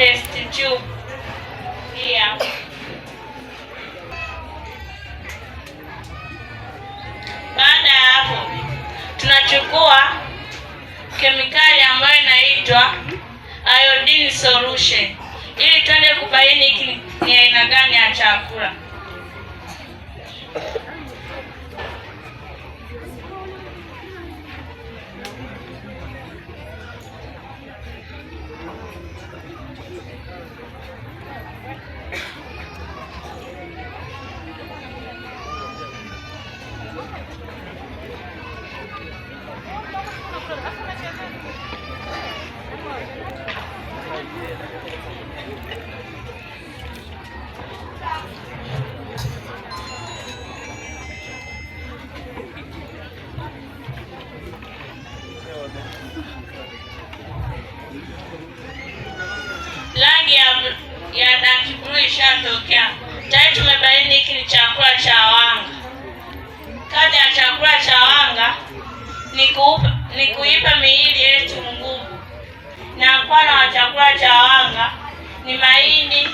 test tube pia. Baada ya hapo, tunachukua kemikali ambayo inaitwa iodine solution ili tuende kubaini hiki ni aina gani ya chakula. ya daki bluu ishatokea tayari. Tumebaini hiki ni chakula cha wanga. Kazi ya chakula cha wanga ni kuupa, ni kuipa miili yetu nguvu, na mfano wa chakula cha wanga ni mahindi.